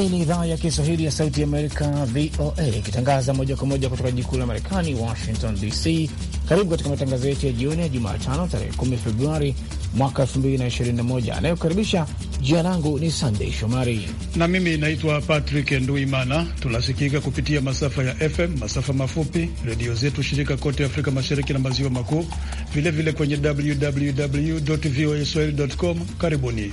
Hii ni idhaa ya Kiswahili ya Sauti ya Amerika, VOA, ikitangaza moja kwa moja kutoka jikuu la Marekani, Washington DC. Karibu katika matangazo yetu ya jioni ya Jumatano, tarehe 10 Februari mwaka 2021. Anayokaribisha jina langu ni Sandey Shomari na mimi naitwa Patrick Nduimana. Tunasikika kupitia masafa ya FM, masafa mafupi, redio zetu shirika kote Afrika Mashariki na Maziwa Makuu, vilevile kwenye www voa swahili com. Karibuni.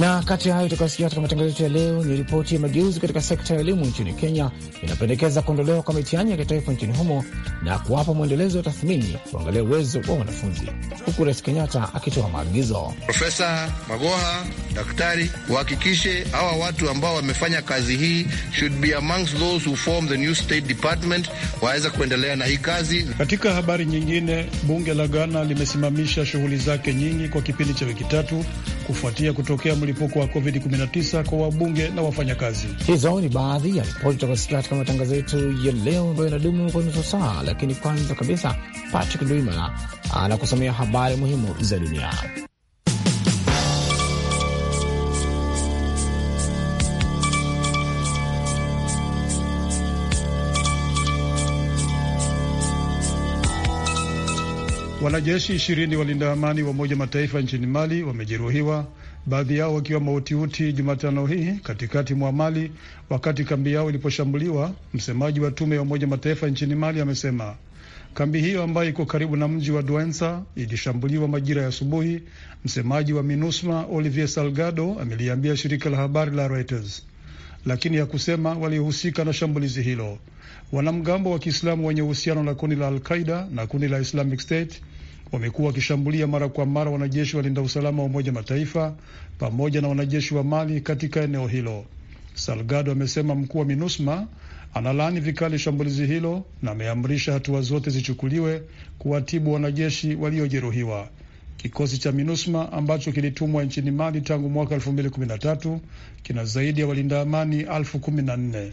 Na kati ya hayo tukasikia katika matangazo yetu ya leo ni ripoti ya mageuzi katika sekta ya elimu nchini Kenya inapendekeza kuondolewa kwa mitihani ya kitaifa nchini humo na kuwapa mwendelezo wa tathmini kuangalia uwezo wa wanafunzi, huku Rais Kenyatta akitoa maagizo. Profesa Magoha, daktari, wahakikishe hawa watu ambao wamefanya kazi hii should be amongst those who form the new state department, waweza kuendelea na hii kazi. Katika habari nyingine, bunge la Ghana limesimamisha shughuli zake nyingi kwa kipindi cha wiki tatu kufuatia kutokea mlipuko wa COVID-19 kwa wabunge na wafanyakazi. Hizo ni baadhi ya ripoti utakazosikia katika matangazo yetu ya leo ambayo inadumu kwa nusu saa, lakini kwanza kabisa, Patrick Ndwimana anakusomea habari muhimu za dunia. Wanajeshi ishirini walinda amani wa Umoja Mataifa nchini Mali wamejeruhiwa, baadhi yao wakiwa mautiuti Jumatano hii katikati mwa Mali wakati kambi yao iliposhambuliwa. Msemaji wa tume ya Umoja Mataifa nchini Mali amesema kambi hiyo ambayo iko karibu na mji wa Dwensa ilishambuliwa majira ya asubuhi. Msemaji wa MINUSMA Olivier Salgado ameliambia shirika la habari la Reuters, lakini hakusema waliohusika na shambulizi hilo. Wanamgambo wa Kiislamu wenye uhusiano na kundi la alqaida na kundi la Islamic State wamekuwa wakishambulia mara kwa mara wanajeshi walinda usalama wa Umoja Mataifa pamoja na wanajeshi wa Mali katika eneo hilo. Salgado amesema mkuu wa MINUSMA analaani vikali shambulizi hilo na ameamrisha hatua zote zichukuliwe kuwatibu wanajeshi waliojeruhiwa. Kikosi cha MINUSMA ambacho kilitumwa nchini Mali tangu mwaka 2013 kina zaidi ya walinda amani elfu kumi na nne.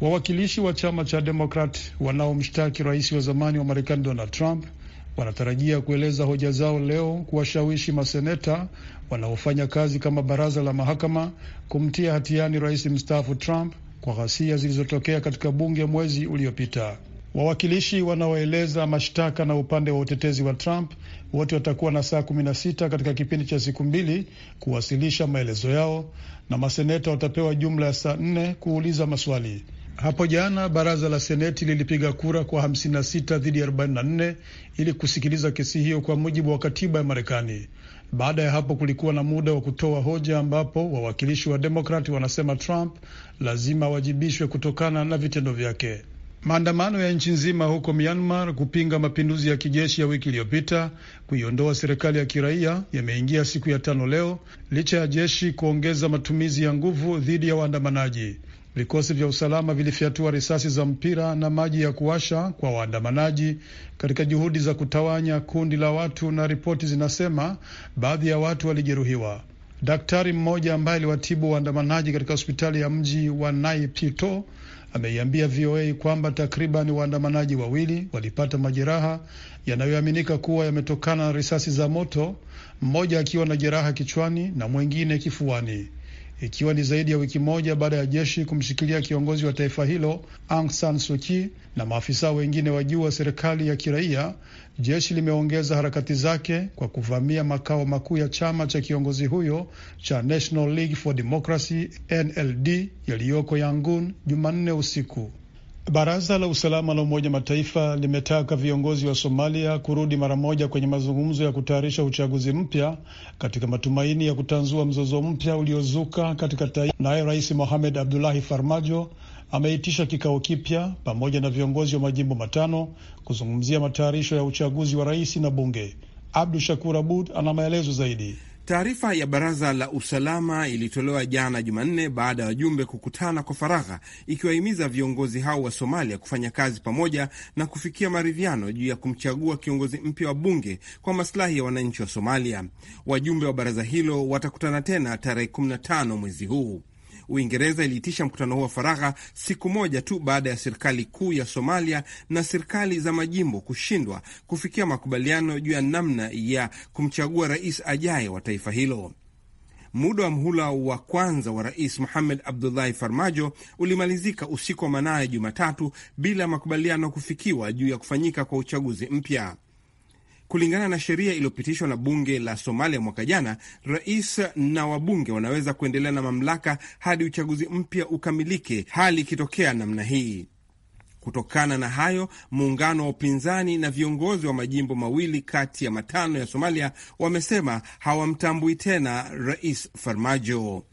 Wawakilishi wa chama cha Demokrat wanaomshtaki rais wa zamani wa Marekani Donald Trump wanatarajia kueleza hoja zao leo kuwashawishi maseneta wanaofanya kazi kama baraza la mahakama kumtia hatiani rais mstaafu Trump kwa ghasia zilizotokea katika bunge mwezi uliopita. Wawakilishi wanaoeleza mashtaka na upande wa utetezi wa Trump wote watakuwa na saa 16 katika kipindi cha siku mbili kuwasilisha maelezo yao na maseneta watapewa jumla ya saa nne kuuliza maswali. Hapo jana baraza la seneti lilipiga kura kwa 56 dhidi ya 44 ili kusikiliza kesi hiyo kwa mujibu wa katiba ya Marekani. Baada ya hapo kulikuwa na muda wa kutoa hoja ambapo wawakilishi wa Demokrati wanasema Trump lazima awajibishwe kutokana na vitendo vyake. Maandamano ya nchi nzima huko Myanmar kupinga mapinduzi ya kijeshi ya wiki iliyopita kuiondoa serikali ya kiraia yameingia siku ya tano leo licha ya jeshi kuongeza matumizi ya nguvu dhidi ya waandamanaji. Vikosi vya usalama vilifyatua risasi za mpira na maji ya kuwasha kwa waandamanaji katika juhudi za kutawanya kundi la watu, na ripoti zinasema baadhi ya watu walijeruhiwa. Daktari mmoja ambaye aliwatibu waandamanaji katika hospitali ya mji wa Naipito ameiambia VOA kwamba takriban waandamanaji wawili walipata majeraha yanayoaminika kuwa yametokana na risasi za moto, mmoja akiwa na jeraha kichwani na mwingine kifuani ikiwa ni zaidi ya wiki moja baada ya jeshi kumshikilia kiongozi wa taifa hilo Aung San Suu Kyi na maafisa wengine wa juu wa serikali ya kiraia. Jeshi limeongeza harakati zake kwa kuvamia makao makuu ya chama cha kiongozi huyo cha National League for Democracy NLD yaliyoko Yangon Jumanne usiku. Baraza la usalama la Umoja Mataifa limetaka viongozi wa Somalia kurudi mara moja kwenye mazungumzo ya kutayarisha uchaguzi mpya katika matumaini ya kutanzua mzozo mpya uliozuka katika taifa. Naye Rais Mohamed Abdullahi Farmajo ameitisha kikao kipya pamoja na viongozi wa majimbo matano kuzungumzia matayarisho ya uchaguzi wa rais na bunge. Abdu Shakur Abud ana maelezo zaidi. Taarifa ya baraza la usalama ilitolewa jana Jumanne baada ya wajumbe kukutana kwa faragha, ikiwahimiza viongozi hao wa Somalia kufanya kazi pamoja na kufikia maridhiano juu ya kumchagua kiongozi mpya wa bunge kwa masilahi ya wananchi wa Somalia. Wajumbe wa baraza hilo watakutana tena tarehe 15 mwezi huu. Uingereza iliitisha mkutano huo wa faragha siku moja tu baada ya serikali kuu ya Somalia na serikali za majimbo kushindwa kufikia makubaliano juu ya namna ya kumchagua rais ajaye wa taifa hilo. Muda wa mhula wa kwanza wa rais Mohamed Abdullahi Farmajo ulimalizika usiku wa manane Jumatatu bila makubaliano kufikiwa juu ya kufanyika kwa uchaguzi mpya. Kulingana na sheria iliyopitishwa na bunge la Somalia mwaka jana, rais na wabunge wanaweza kuendelea na mamlaka hadi uchaguzi mpya ukamilike, hali ikitokea namna hii. Kutokana na hayo, muungano wa upinzani na viongozi wa majimbo mawili kati ya matano ya Somalia wamesema hawamtambui tena Rais Farmajo.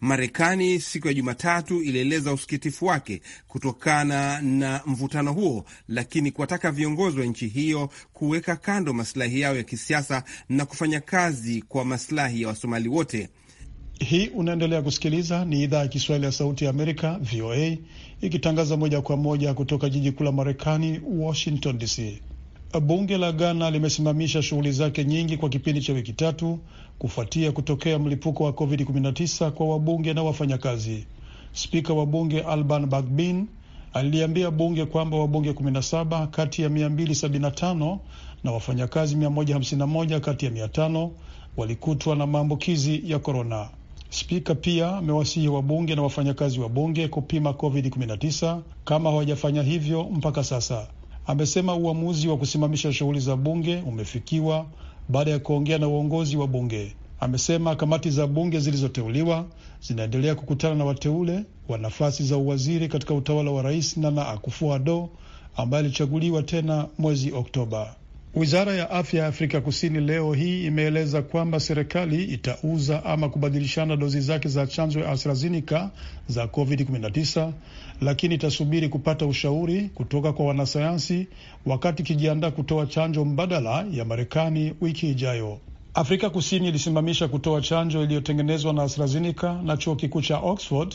Marekani siku ya Jumatatu ilieleza usikitifu wake kutokana na mvutano huo, lakini kuwataka viongozi wa nchi hiyo kuweka kando masilahi yao ya kisiasa na kufanya kazi kwa masilahi ya Wasomali wote. Hii unaendelea kusikiliza, ni idhaa ya Kiswahili ya Sauti ya Amerika, VOA, ikitangaza moja kwa moja kutoka jiji kuu la Marekani, Washington DC. Bunge la Ghana limesimamisha shughuli zake nyingi kwa kipindi cha wiki tatu kufuatia kutokea mlipuko wa COVID-19 kwa wabunge na wafanyakazi. Spika wa bunge Alban Bagbin aliliambia bunge kwamba wabunge 17 kati ya 275 na wafanyakazi 151 kati ya 500 walikutwa na maambukizi ya korona. Spika pia amewasihi wabunge na wafanyakazi wa bunge kupima COVID-19 kama hawajafanya hivyo mpaka sasa. Amesema uamuzi wa kusimamisha shughuli za bunge umefikiwa baada ya kuongea na uongozi wa bunge. Amesema kamati za bunge zilizoteuliwa zinaendelea kukutana na wateule wa nafasi za uwaziri katika utawala wa Rais Nana Akufo-Addo ambaye alichaguliwa tena mwezi Oktoba. Wizara ya afya ya Afrika Kusini leo hii imeeleza kwamba serikali itauza ama kubadilishana dozi zake za chanjo ya AstraZeneca za COVID-19, lakini itasubiri kupata ushauri kutoka kwa wanasayansi wakati ikijiandaa kutoa chanjo mbadala ya Marekani wiki ijayo. Afrika Kusini ilisimamisha kutoa chanjo iliyotengenezwa na AstraZeneca na chuo kikuu cha Oxford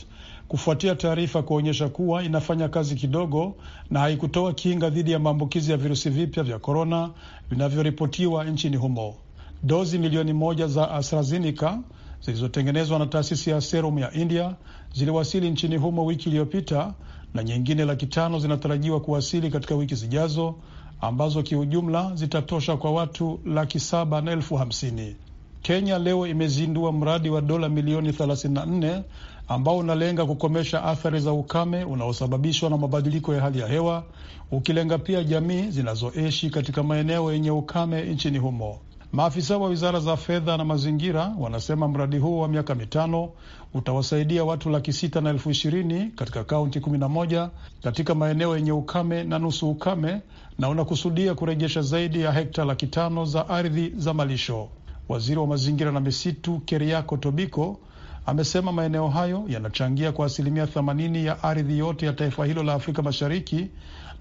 kufuatia taarifa kuonyesha kuwa inafanya kazi kidogo na haikutoa kinga dhidi ya maambukizi ya virusi vipya vya korona vinavyoripotiwa nchini humo. Dozi milioni moja za AstraZeneca zilizotengenezwa na taasisi ya Serum ya India ziliwasili nchini humo wiki iliyopita na nyingine laki tano zinatarajiwa kuwasili katika wiki zijazo ambazo kiujumla zitatosha kwa watu laki saba na elfu hamsini. Kenya leo imezindua mradi wa dola milioni ambao unalenga kukomesha athari za ukame unaosababishwa na mabadiliko ya hali ya hewa, ukilenga pia jamii zinazoishi katika maeneo yenye ukame nchini humo. Maafisa wa wizara za fedha na mazingira wanasema mradi huo wa miaka mitano utawasaidia watu laki sita na elfu ishirini katika kaunti kumi na moja katika maeneo yenye ukame na nusu ukame na unakusudia kurejesha zaidi ya hekta laki tano za ardhi za malisho. Waziri wa mazingira na misitu Keriako Tobiko amesema maeneo hayo yanachangia kwa asilimia 80 ya ardhi yote ya taifa hilo la Afrika Mashariki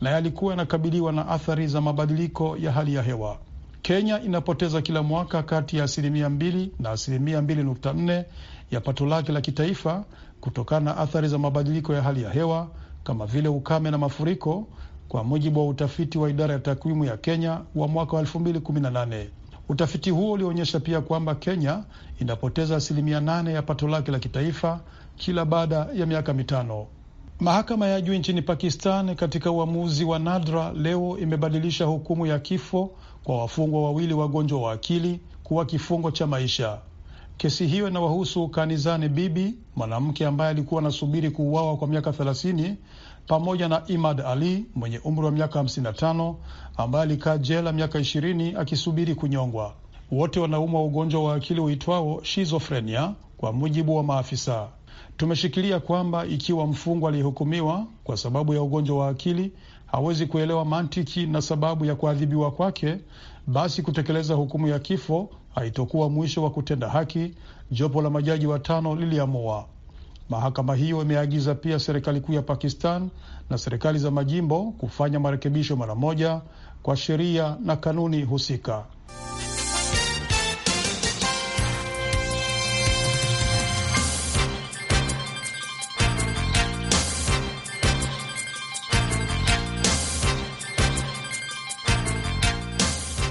na yalikuwa yanakabiliwa na athari za mabadiliko ya hali ya hewa. Kenya inapoteza kila mwaka kati ya asilimia 2 na asilimia 2.4 ya pato lake la kitaifa kutokana na athari za mabadiliko ya hali ya hewa kama vile ukame na mafuriko, kwa mujibu wa utafiti wa idara ya takwimu ya Kenya wa mwaka wa 2018. Utafiti huo ulionyesha pia kwamba Kenya inapoteza asilimia nane ya pato lake la kitaifa kila baada ya miaka mitano. Mahakama ya juu nchini Pakistan katika uamuzi wa nadra leo imebadilisha hukumu ya kifo kwa wafungwa wawili wagonjwa wa akili kuwa kifungo cha maisha. Kesi hiyo inawahusu kanizani Bibi, mwanamke ambaye alikuwa anasubiri kuuawa kwa miaka thelathini pamoja na Imad Ali mwenye umri wa miaka 55 ambaye alikaa jela miaka 20 akisubiri kunyongwa. Wote wanaumwa ugonjwa wa akili uitwao shizofrenia, kwa mujibu wa maafisa. Tumeshikilia kwamba ikiwa mfungwa aliyehukumiwa kwa sababu ya ugonjwa wa akili hawezi kuelewa mantiki na sababu ya kuadhibiwa kwake, basi kutekeleza hukumu ya kifo haitokuwa mwisho wa kutenda haki, jopo la majaji watano liliamua. Mahakama hiyo imeagiza pia serikali kuu ya Pakistan na serikali za majimbo kufanya marekebisho mara moja kwa sheria na kanuni husika.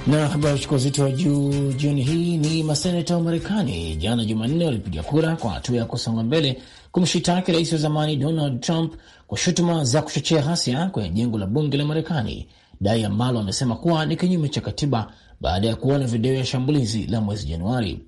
na habari chukua uzito wa juu jioni hii ni maseneta wa Marekani jana Jumanne walipiga kura kwa hatua ya kusonga mbele kumshitaki rais wa zamani Donald Trump kwa shutuma za kuchochea ghasia kwenye jengo la bunge la Marekani, dai ambalo amesema kuwa ni kinyume cha katiba baada ya kuona video ya shambulizi la mwezi Januari.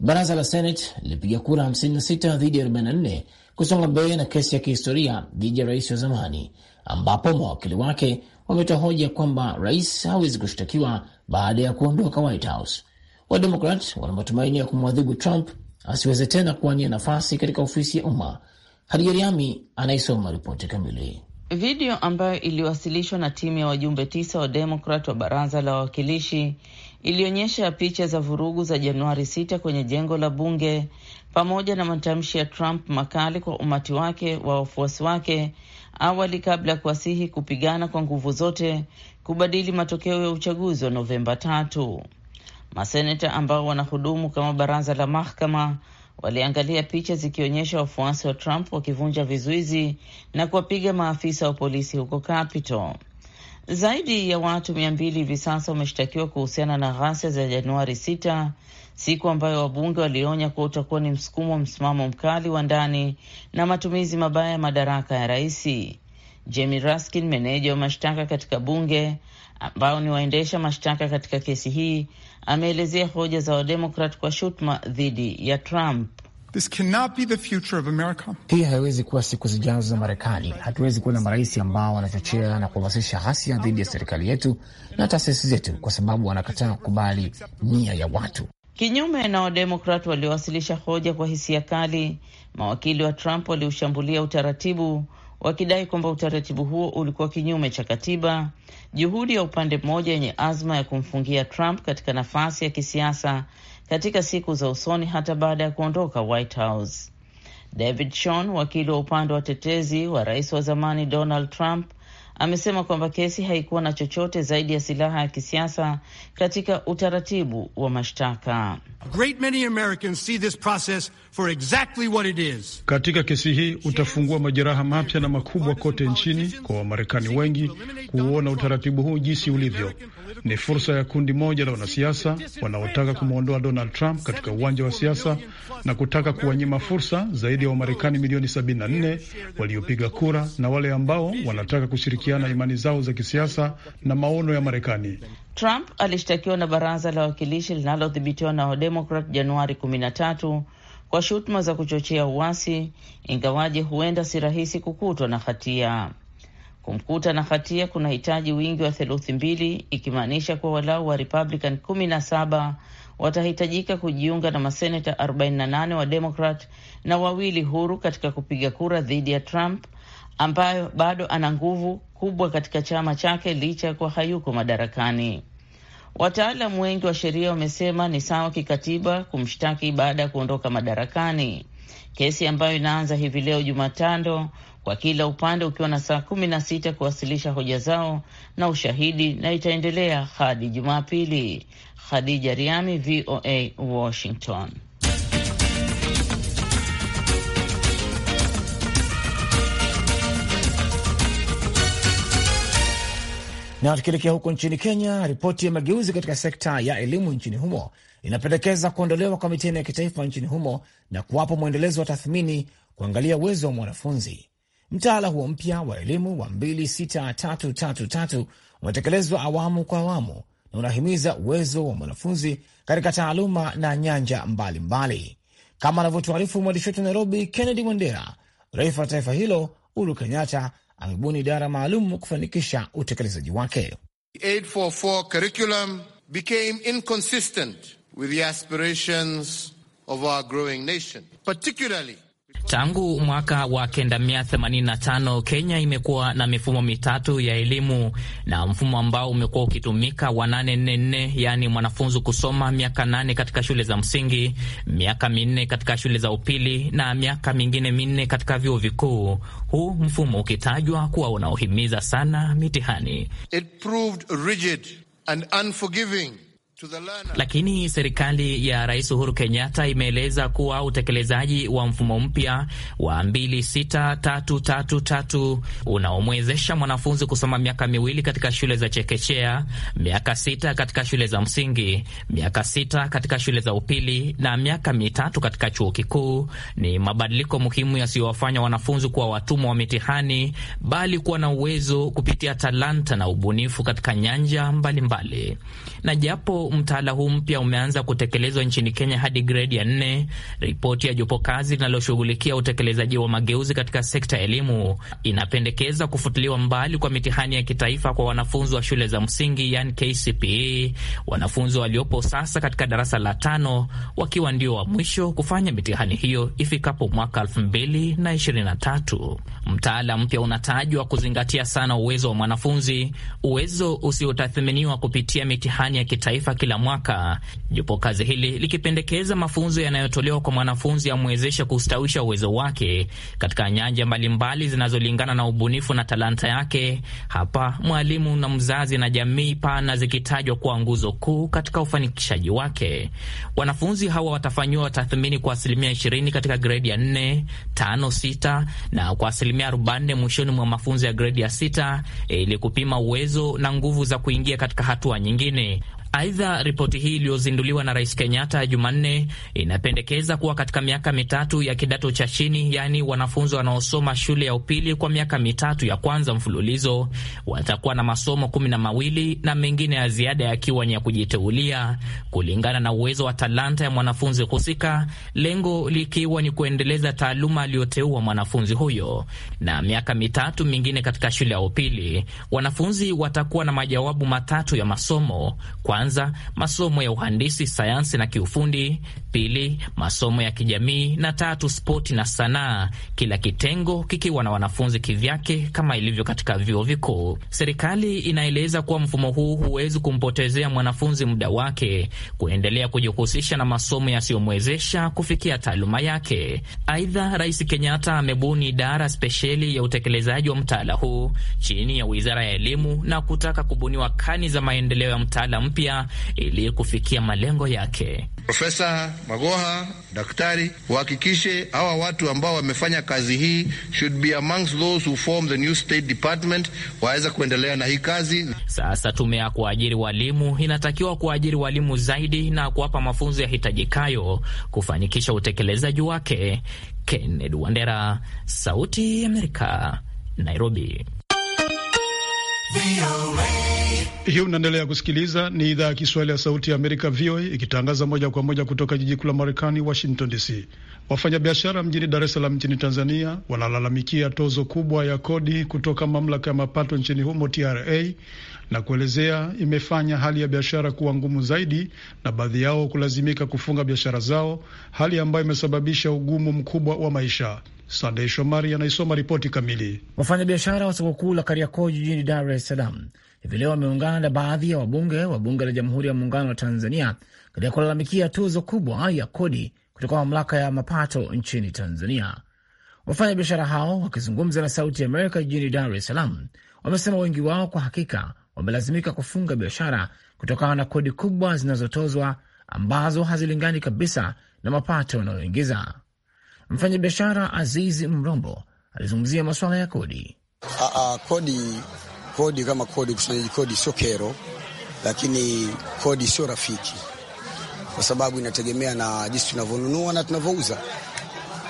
Baraza la Senate lilipiga kura 56 dhidi ya 44 kusonga mbele na kesi ya kihistoria dhidi ya rais wa zamani, ambapo mawakili wake wametoa hoja kwamba rais hawezi kushtakiwa baada ya kuondoka White House. Wademokrat wana matumaini ya kumwadhibu Trump asiweze tena kuwania nafasi katika ofisi ya umma. Hadijariami anaisoma ripoti kamili. Video ambayo iliwasilishwa na timu ya wajumbe tisa wa Demokrat wa baraza la wawakilishi ilionyesha picha za vurugu za Januari 6 kwenye jengo la bunge pamoja na matamshi ya Trump makali kwa umati wake wa wafuasi wake awali kabla ya kuwasihi kupigana kwa nguvu zote kubadili matokeo ya uchaguzi wa Novemba tatu. Maseneta ambao wanahudumu kama baraza la mahakama waliangalia picha zikionyesha wafuasi wa Trump wakivunja vizuizi na kuwapiga maafisa wa polisi huko Capitol. Zaidi ya watu mia mbili hivi sasa wameshtakiwa kuhusiana na ghasia za Januari 6, siku ambayo wabunge walionya kuwa utakuwa ni msukumo wa msimamo mkali wa ndani na matumizi mabaya ya madaraka ya raisi. Jamie Raskin, meneja wa mashtaka katika bunge ambao ni waendesha mashtaka katika kesi hii, ameelezea hoja za Wademokrat kwa shutuma dhidi ya Trump. This cannot be the future of America. Hii haiwezi kuwa siku zijazo za Marekani. Hatuwezi kuwa na marais ambao wanachochea na kuhamasisha ghasia dhidi ya serikali yetu na taasisi zetu, kwa sababu wanakataa kukubali nia ya watu. Kinyume na Wademokrat waliowasilisha hoja kwa hisia kali, mawakili wa Trump waliushambulia utaratibu wakidai kwamba utaratibu huo ulikuwa kinyume cha katiba, juhudi ya upande mmoja yenye azma ya kumfungia Trump katika nafasi ya kisiasa katika siku za usoni hata baada ya kuondoka White House. David shon wakili wa upande wa tetezi wa rais wa zamani Donald Trump, amesema kwamba kesi haikuwa na chochote zaidi ya silaha ya kisiasa katika utaratibu wa mashtaka. Katika kesi hii utafungua majeraha mapya na makubwa kote nchini kwa Wamarekani wengi kuona utaratibu huu jinsi ulivyo. Ni fursa ya kundi moja la wanasiasa wanaotaka kumwondoa Donald Trump katika uwanja wa siasa na kutaka kuwanyima fursa zaidi ya Wamarekani milioni 74 waliopiga kura na wale ambao wanataka kushirikia kuhusiana na imani zao za kisiasa na maono ya Marekani. Trump alishtakiwa na baraza la wawakilishi linalodhibitiwa na Wademokrat Januari 13 kwa shutuma za kuchochea uasi, ingawaje huenda si rahisi kukutwa na hatia. Kumkuta na hatia kunahitaji wingi wa theluthi mbili, ikimaanisha kuwa walau wa Republican kumi na saba watahitajika kujiunga na maseneta 48 wa Demokrat na wawili huru katika kupiga kura dhidi ya Trump ambayo bado ana nguvu kubwa katika chama chake licha ya kuwa hayuko madarakani. Wataalamu wengi wa sheria wamesema ni sawa kikatiba kumshtaki baada ya kuondoka madarakani. Kesi ambayo inaanza hivi leo Jumatano kwa kila upande ukiwa na saa kumi na sita kuwasilisha hoja zao na ushahidi, na itaendelea hadi Jumapili. Khadija Riami, VOA, Washington. Na tukielekea huko nchini Kenya, ripoti ya mageuzi katika sekta ya elimu nchini humo inapendekeza kuondolewa kwa mitihani ya kitaifa nchini humo na kuwapo mwendelezo wa tathmini kuangalia uwezo wa mwanafunzi. Mtaala huo mpya wa elimu wa 26333 unatekelezwa awamu kwa awamu na unahimiza uwezo wa mwanafunzi katika taaluma na nyanja mbalimbali mbali. Kama anavyotuarifu mwandishi wetu Nairobi, Kennedy mwandera rais wa taifa hilo Uhuru Kenyatta amebuni idara maalum kufanikisha utekelezaji wake. 844 curriculum became inconsistent with the aspirations of our growing nation particularly Tangu mwaka wa 1985 Kenya imekuwa na mifumo mitatu ya elimu na mfumo ambao umekuwa ukitumika wa 844 yaani mwanafunzi kusoma miaka nane katika shule za msingi, miaka minne katika shule za upili na miaka mingine minne katika vyuo vikuu, huu mfumo ukitajwa kuwa unaohimiza sana mitihani. It proved rigid and unforgiving. Lakini serikali ya Rais Uhuru Kenyatta imeeleza kuwa utekelezaji wa mfumo mpya wa 26333 unaomwezesha mwanafunzi kusoma miaka miwili katika shule za chekechea, miaka sita katika shule za msingi, miaka sita katika shule za upili na miaka mitatu katika chuo kikuu ni mabadiliko muhimu yasiyowafanya wanafunzi kuwa watumwa wa mitihani, bali kuwa na uwezo kupitia talanta na ubunifu katika nyanja mbalimbali mbali. na japo mtaala huu mpya umeanza kutekelezwa nchini Kenya hadi gredi ya nne, ripoti ya jopo kazi linaloshughulikia utekelezaji wa mageuzi katika sekta ya elimu inapendekeza kufutiliwa mbali kwa mitihani ya kitaifa kwa wanafunzi wa shule za msingi, yani KCPE, wanafunzi waliopo sasa katika darasa la tano wakiwa ndio wa mwisho kufanya mitihani hiyo ifikapo mwaka 2023. Mtaala mpya unatajwa kuzingatia sana uwezo wa mwanafunzi, uwezo usiotathiminiwa kupitia mitihani ya kitaifa kila mwaka, jopo kazi hili likipendekeza mafunzo yanayotolewa kwa mwanafunzi yamwezeshe kustawisha uwezo wake katika nyanja mbalimbali zinazolingana na ubunifu na talanta yake. Hapa mwalimu na mzazi na jamii pana zikitajwa kuwa nguzo kuu katika ufanikishaji wake. Wanafunzi hawa watafanyiwa tathmini kwa asilimia 20 katika gredi ya 4, 5, 6 na kwa asilimia asilimia 40 mwishoni mwa mafunzo ya gredi ya sita eh, ili kupima uwezo na nguvu za kuingia katika hatua nyingine. Aidha, ripoti hii iliyozinduliwa na Rais Kenyatta Jumanne inapendekeza kuwa katika miaka mitatu ya kidato cha chini, yaani wanafunzi wanaosoma shule ya upili kwa miaka mitatu ya kwanza mfululizo watakuwa na masomo kumi na mawili na mengine ya ziada yakiwa ni ya kujiteulia kulingana na uwezo wa talanta ya mwanafunzi husika, lengo likiwa ni kuendeleza taaluma aliyoteua mwanafunzi huyo. Na miaka mitatu mingine katika shule ya upili, wanafunzi watakuwa na majawabu matatu ya masomo kwa kwanza, masomo ya uhandisi, sayansi na kiufundi; pili, masomo ya kijamii; na tatu, spoti na sanaa, kila kitengo kikiwa na wanafunzi kivyake kama ilivyo katika vyuo vikuu. Serikali inaeleza kuwa mfumo huu huwezi kumpotezea mwanafunzi muda wake kuendelea kujihusisha na masomo yasiyomwezesha kufikia taaluma yake. Aidha, Rais Kenyatta amebuni idara spesheli ya utekelezaji wa mtaala huu chini ya Wizara ya Elimu na kutaka kubuniwa kani za maendeleo ya mtaala mpya kisheria ili kufikia malengo yake. Profesa Magoha, daktari, wahakikishe hawa watu ambao wamefanya kazi hii should be amongst those who form the new state department, waweza kuendelea na hii kazi. Sasa tume ya kuajiri walimu inatakiwa kuajiri walimu zaidi na kuwapa mafunzo yahitajikayo kufanikisha utekelezaji wake. Kennedy Wandera, Sauti ya Amerika, Nairobi. Hii unaendelea kusikiliza, ni idhaa ya Kiswahili ya Sauti ya Amerika, VOA, ikitangaza moja kwa moja kutoka jiji kuu la Marekani, Washington DC. Wafanyabiashara mjini Dar es Salaam nchini Tanzania wanalalamikia tozo kubwa ya kodi kutoka mamlaka ya mapato nchini humo TRA, na kuelezea imefanya hali ya biashara kuwa ngumu zaidi na baadhi yao kulazimika kufunga biashara zao, hali ambayo imesababisha ugumu mkubwa wa maisha. Sandei Shomari anaisoma ripoti kamili. Wafanyabiashara wa soko kuu la Kariakoo jijini Dar es Salaam hivi leo wameungana na baadhi ya wabunge wa bunge la Jamhuri ya Muungano wa Tanzania katika kulalamikia tuzo kubwa ya kodi kutoka mamlaka ya mapato nchini Tanzania. Wafanyabiashara hao wakizungumza na Sauti ya Amerika jijini Dar es Salaam wamesema wengi wao kwa hakika wamelazimika kufunga biashara kutokana na kodi kubwa zinazotozwa ambazo hazilingani kabisa na mapato wanayoingiza. Mfanyabiashara Azizi Mrombo alizungumzia masuala ya kodi. A, a, kodi Kodi kama kodi, ukusanyaji kodi sio kero, lakini kodi sio rafiki, kwa sababu inategemea na jinsi tunavyonunua na tunavyouza,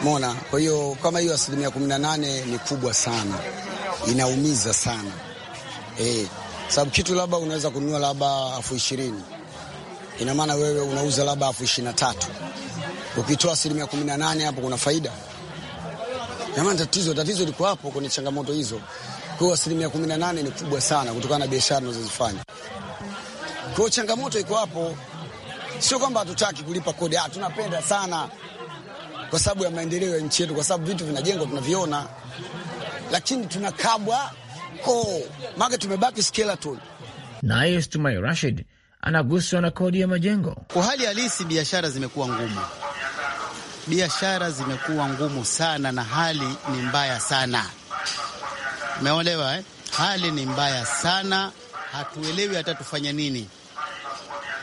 mona. Kwa hiyo kama hiyo asilimia kumi na nane ni kubwa sana, inaumiza sana e, sababu kitu labda unaweza kununua labda elfu ishirini ina maana wewe unauza labda elfu ishirini na tatu ukitoa asilimia kumi na nane hapo kuna faida jamani? Tatizo tatizo liko hapo kwenye changamoto hizo. Kwa hiyo asilimia kumi na nane ni kubwa sana kutokana na biashara unazozifanya. Kwa hiyo changamoto iko hapo, sio kwamba hatutaki kulipa kodi, ah, tunapenda sana kwa sababu ya maendeleo ya nchi yetu, kwa sababu vitu vinajengwa tunaviona, lakini tunakabwa koo maka tumebaki skeleton. Naye Stumai Rashid anaguswa na kodi ya majengo. Kwa hali halisi, biashara zimekuwa ngumu, biashara zimekuwa ngumu sana na hali ni mbaya sana. Umeolewa eh? Hali ni mbaya sana, hatuelewi hata tufanye nini.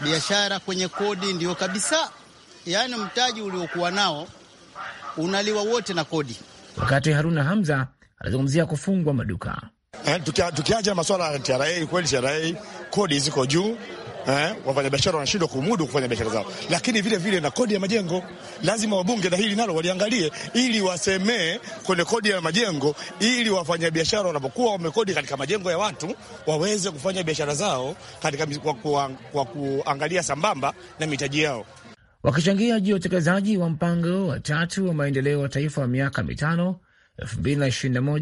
Biashara kwenye kodi ndiyo kabisa, yaani mtaji uliokuwa nao unaliwa wote na kodi. Wakati Haruna Hamza anazungumzia kufungwa maduka Eh, tukiacha masuala ya TRA, kweli TRA kodi ziko juu eh, wafanyabiashara wanashindwa kumudu kufanya biashara zao, lakini vile vile na kodi ya majengo lazima wabunge na hili nalo waliangalie, ili wasemee kwenye kodi ya majengo, ili wafanyabiashara wanapokuwa wamekodi katika majengo ya watu waweze kufanya biashara zao katika kwa, kwa, kwa kuangalia sambamba na mitaji yao. Wakichangia juu ya utekelezaji wa mpango wa tatu wa maendeleo wa taifa wa miaka mitano 2021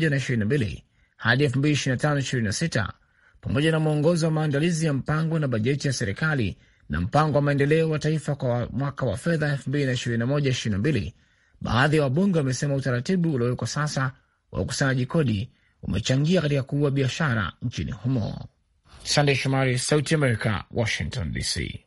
na 2022 hadi 2025 pamoja na mwongozo wa maandalizi ya mpango na bajeti ya serikali na mpango wa maendeleo wa taifa kwa mwaka wa fedha 2021 Baadhi ya wabunge wamesema utaratibu uliowekwa sasa wa ukusanyaji kodi umechangia katika kuua biashara nchini humo. Sandey Shomari, Sauti america Washington DC.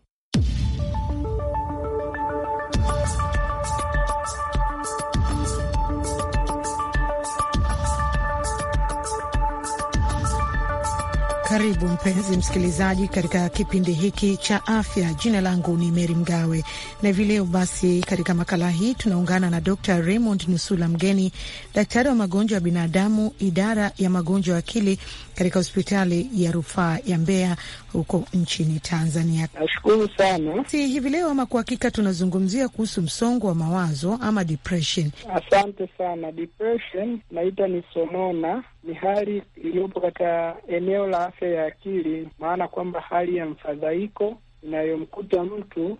Karibu mpenzi msikilizaji, katika kipindi hiki cha afya. Jina langu ni Meri Mgawe na hivi leo basi, katika makala hii tunaungana na Dr Raymond Nusula Mgeni, daktari wa magonjwa ya binadamu, idara ya magonjwa ya akili katika hospitali ya rufaa ya Mbeya huko nchini Tanzania. Nashukuru sana. Si hivi leo ama kwa hakika tunazungumzia kuhusu msongo wa mawazo ama depression. Asante sana. Depression naita ni sonona, ni hali iliyopo katika eneo la afya ya akili, maana kwamba hali ya mfadhaiko inayomkuta mtu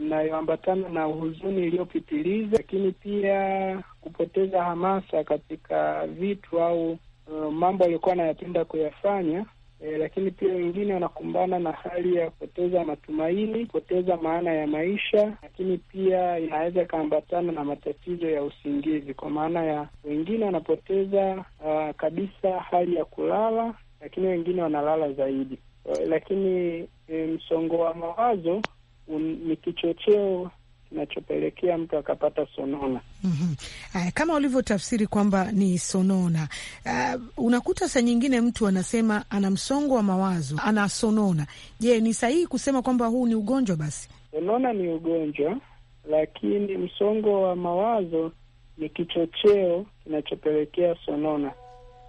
inayoambatana na huzuni iliyopitiliza, lakini pia kupoteza hamasa katika vitu au uh, mambo aliyokuwa anayapenda kuyafanya e, lakini pia wengine wanakumbana na hali ya kupoteza matumaini, kupoteza maana ya maisha, lakini pia inaweza ikaambatana na matatizo ya usingizi, kwa maana ya wengine wanapoteza uh, kabisa hali ya kulala, lakini wengine wanalala zaidi. Lakini e, msongo wa mawazo ni kichocheo kinachopelekea mtu akapata sonona. Mm -hmm. Kama ulivyotafsiri kwamba ni sonona. Uh, unakuta saa nyingine mtu anasema ana msongo wa mawazo, ana sonona. Je, ni sahihi kusema kwamba huu ni ugonjwa? Basi sonona ni ugonjwa, lakini msongo wa mawazo ni kichocheo kinachopelekea sonona.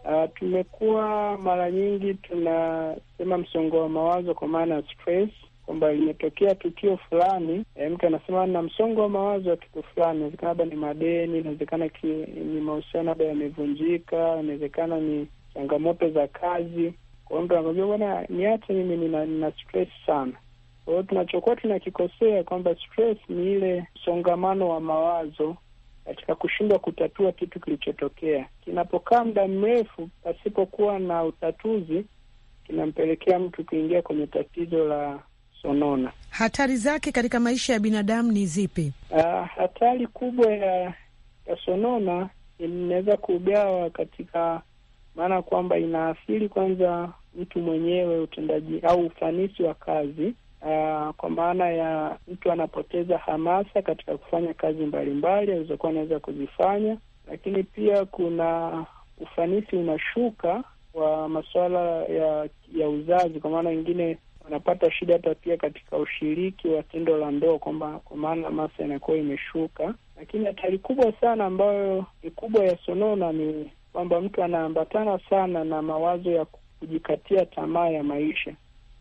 Uh, tumekuwa mara nyingi tunasema msongo wa mawazo kwa maana ya stress kwamba imetokea tukio fulani e, mtu anasema na msongo wa mawazo wa kitu fulani. Inawezekana labda ni madeni, inawezekana ni mahusiano labda yamevunjika, inawezekana ni changamoto za kazi. Kwa hiyo mtu anakwambia bwana, niache mimi, nina, nina stress sana. Kwa hiyo tunachokuwa tunakikosea kwamba stress ni ile msongamano wa mawazo katika kushindwa kutatua kitu kilichotokea. Kinapokaa muda mrefu pasipokuwa na utatuzi, kinampelekea mtu kuingia kwenye tatizo la sonona. Hatari zake katika maisha ya binadamu ni zipi? Uh, hatari kubwa ya, ya sonona inaweza kugawa katika maana kwamba inaathiri kwanza mtu mwenyewe, utendaji au ufanisi wa kazi. Uh, kwa maana ya mtu anapoteza hamasa katika kufanya kazi mbalimbali alizokuwa anaweza kuzifanya, lakini pia kuna ufanisi unashuka wa masuala ya ya uzazi, kwa maana nyingine wanapata shida hata pia katika ushiriki wa tendo la ndoa, kwamba kwa maana masa inakuwa imeshuka. Lakini hatari kubwa sana ambayo ni kubwa ya sonona ni kwamba mtu anaambatana sana na mawazo ya kujikatia tamaa ya maisha.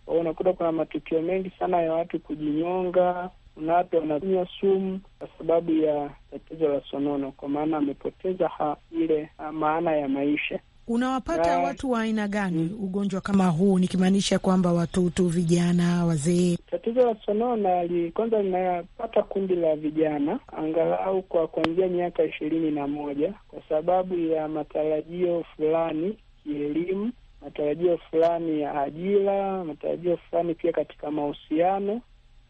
Kwa hiyo unakuta kuna matukio mengi sana ya watu kujinyonga, kuna watu wanatumia sumu kwa sababu ya tatizo la sonono, kwa maana amepoteza ile maana ya maisha. Unawapata yeah, watu wa aina gani mm, ugonjwa kama huu, nikimaanisha kwamba watoto, vijana, wazee? Tatizo la sonona li, kwanza linapata kundi la vijana angalau kwa kuanzia miaka ishirini na moja kwa sababu ya matarajio fulani kielimu, matarajio fulani ya ajira, matarajio fulani pia katika mahusiano.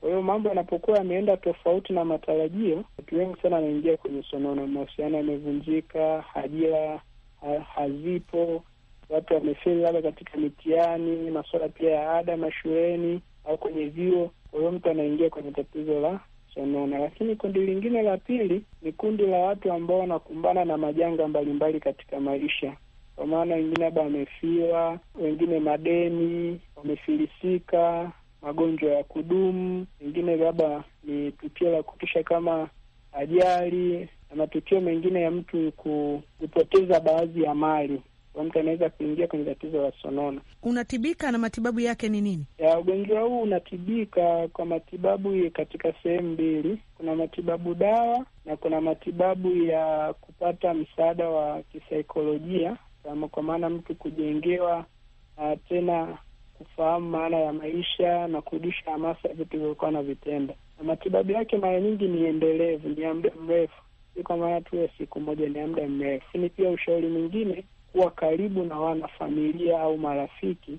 Kwa hiyo mambo yanapokuwa yameenda tofauti na matarajio, watu wengi sana wanaingia kwenye sonono. Mahusiano yamevunjika, ajira ha, hazipo. Watu wamefeli labda katika mitihani, masuala pia ya ada mashuleni au kwenye vyuo. Kwa hiyo mtu anaingia kwenye tatizo la sonona. Lakini kundi lingine la pili ni kundi la watu ambao wanakumbana na majanga mbalimbali katika maisha kwa maana wengine labda wamefiwa, wengine madeni, wamefilisika, magonjwa ya kudumu, wengine labda ni tukio la kutisha kama ajali, na matukio mengine ya mtu kupoteza baadhi ya mali mtu anaweza kuingia kwenye tatizo la sonona. Unatibika na matibabu yake ni nini? Ya, ugonjwa huu unatibika kwa matibabu katika sehemu mbili. Kuna matibabu dawa na kuna matibabu ya kupata msaada wa kisaikolojia, kwa maana mtu kujengewa uh, tena kufahamu maana ya maisha na kurudisha hamasa ya vitu vilivyokuwa na vitenda, na matibabu yake mara nyingi ni endelevu, ni ya muda mrefu si kwa maana tu ya siku moja ni muda mrefu, Ni pia ushauri mwingine, kuwa karibu na wanafamilia au marafiki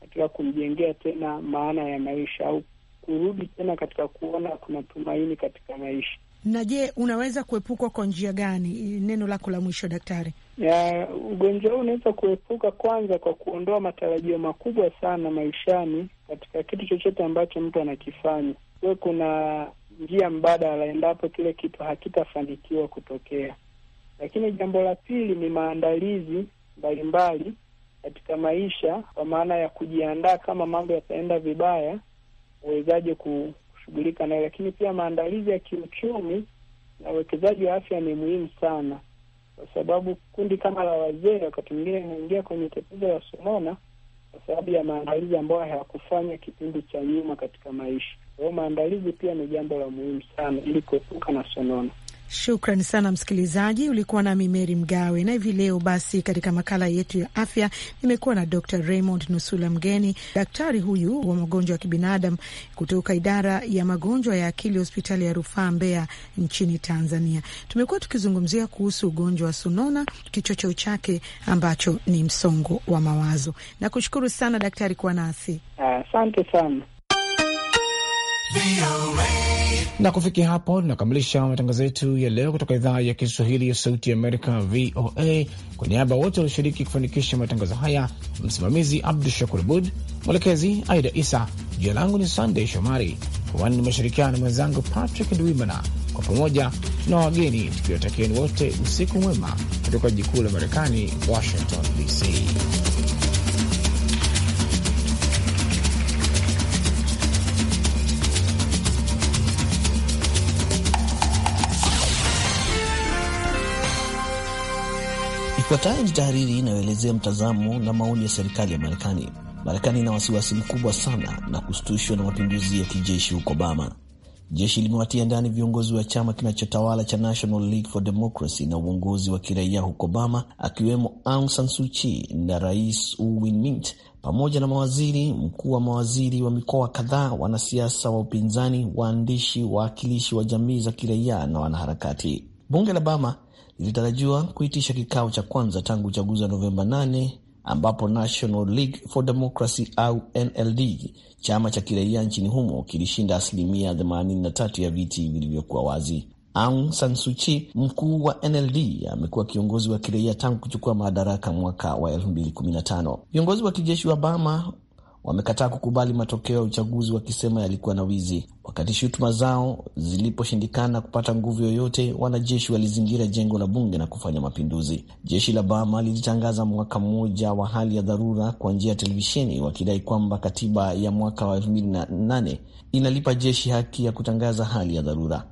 katika kumjengea tena maana ya maisha au kurudi tena katika kuona kuna tumaini katika maisha. Na je, unaweza kuepukwa kwa njia gani? Neno lako la mwisho daktari. Ya, ugonjwa huu unaweza kuepuka kwanza kwa kuondoa matarajio makubwa sana maishani katika kitu chochote ambacho mtu anakifanya. Kwa kuna njia mbadala endapo kile kitu hakitafanikiwa kutokea. Lakini jambo la pili ni maandalizi mbalimbali katika maisha, kwa maana ya kujiandaa kama mambo yataenda vibaya, uwezaje kushughulika nayo. Lakini pia maandalizi ya kiuchumi na uwekezaji wa afya ni muhimu sana, kwa sababu kundi kama la wazee wakati mwingine inaingia kwenye tatizo la sonona kwa sababu ya maandalizi ambayo hayakufanya kipindi cha nyuma katika maisha. Kwa hiyo maandalizi pia ni jambo la muhimu sana, ili kuepuka na sonono. Shukran sana msikilizaji, ulikuwa nami Meri Mgawe na hivi leo basi, katika makala yetu ya afya nimekuwa na Dr Raymond Nusula Mgeni, daktari huyu wa magonjwa ya kibinadamu kutoka idara ya magonjwa ya akili hospitali ya rufaa Mbeya nchini Tanzania. Tumekuwa tukizungumzia kuhusu ugonjwa wa sonona, kichocheo chake ambacho ni msongo wa mawazo. Na kushukuru sana daktari kuwa nasi, asante uh, sana na kufikia hapo tunakamilisha matangazo yetu ya leo kutoka idhaa ya Kiswahili ya Sauti ya Amerika, VOA. Kwa niaba ya wote walioshiriki kufanikisha matangazo haya, msimamizi Abdu Shakur Abud, mwelekezi Aida Isa, jina langu ni Sandey Shomari kwani nimeshirikiana na mwenzangu Patrick Ndwimana. Kwa pamoja na wageni tukiwatakieni wote usiku mwema kutoka jikuu la Marekani, Washington DC. Ifuatayo ni tahariri inayoelezea mtazamo na maoni ya serikali ya Marekani. Marekani ina wasiwasi mkubwa sana na kustushwa na mapinduzi ya kijeshi huko Bama. Jeshi limewatia ndani viongozi wa chama kinachotawala cha National League for Democracy na uongozi wa kiraia huko Bama, akiwemo Aung San Suu Kyi na Rais U Win pamoja na mawaziri mkuu wa mawaziri wa mikoa kadhaa, wanasiasa wa upinzani, waandishi, wawakilishi wa jamii za kiraia na wanaharakati. Bunge la Bama ilitarajiwa kuitisha kikao cha kwanza tangu uchaguzi wa Novemba 8 ambapo National League for Democracy au NLD, chama cha kiraia nchini humo, kilishinda asilimia 83 ya viti vilivyokuwa wazi. Aung San Suu Kyi, mkuu wa NLD, amekuwa kiongozi wa kiraia tangu kuchukua madaraka mwaka wa 2015. Viongozi wa kijeshi wa bama wamekataa kukubali matokeo ya uchaguzi wakisema yalikuwa na wizi. Wakati shutuma zao ziliposhindikana kupata nguvu yoyote, wanajeshi walizingira jengo la bunge na kufanya mapinduzi. Jeshi la Bama lilitangaza mwaka mmoja wa hali ya dharura kwa njia ya televisheni, wakidai kwamba katiba ya mwaka wa 2008 inalipa jeshi haki ya kutangaza hali ya dharura.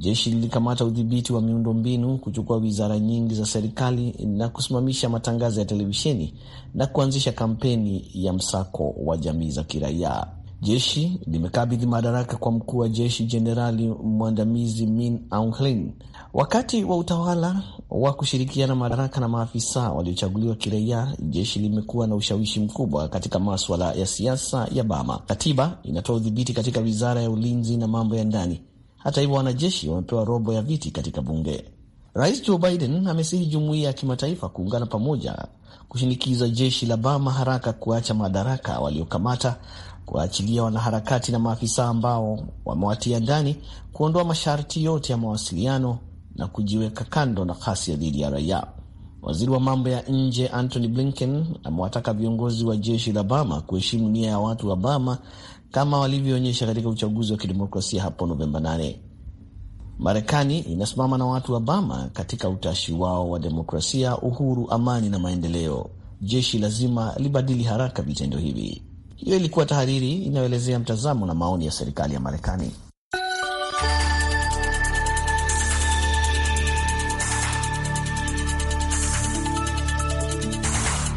Jeshi lilikamata udhibiti wa miundombinu, kuchukua wizara nyingi za serikali na kusimamisha matangazo ya televisheni na kuanzisha kampeni ya msako wa jamii za kiraia. Jeshi limekabidhi madaraka kwa mkuu wa jeshi Jenerali mwandamizi Min Aung Hlaing. Wakati wa utawala wa kushirikiana madaraka na maafisa waliochaguliwa kiraia, jeshi limekuwa na ushawishi mkubwa katika maswala ya siasa ya Bama. Katiba inatoa udhibiti katika wizara ya ulinzi na mambo ya ndani, hata hivyo, wanajeshi wamepewa robo ya viti katika bunge. Rais Joe Biden amesihi jumuiya ya kimataifa kuungana pamoja kushinikiza jeshi la Bama haraka kuacha madaraka waliokamata, kuwaachilia wanaharakati na maafisa ambao wamewatia ndani, kuondoa masharti yote ya mawasiliano na kujiweka kando na ghasia dhidi ya raia. Waziri wa mambo ya nje Antony Blinken amewataka viongozi wa jeshi la Bama kuheshimu nia ya watu wa Bama kama walivyoonyesha katika uchaguzi wa kidemokrasia hapo Novemba 8. Marekani inasimama na watu wa Bama katika utashi wao wa demokrasia, uhuru, amani na maendeleo. Jeshi lazima libadili haraka vitendo hivi. Hiyo ilikuwa tahariri inayoelezea mtazamo na maoni ya serikali ya Marekani.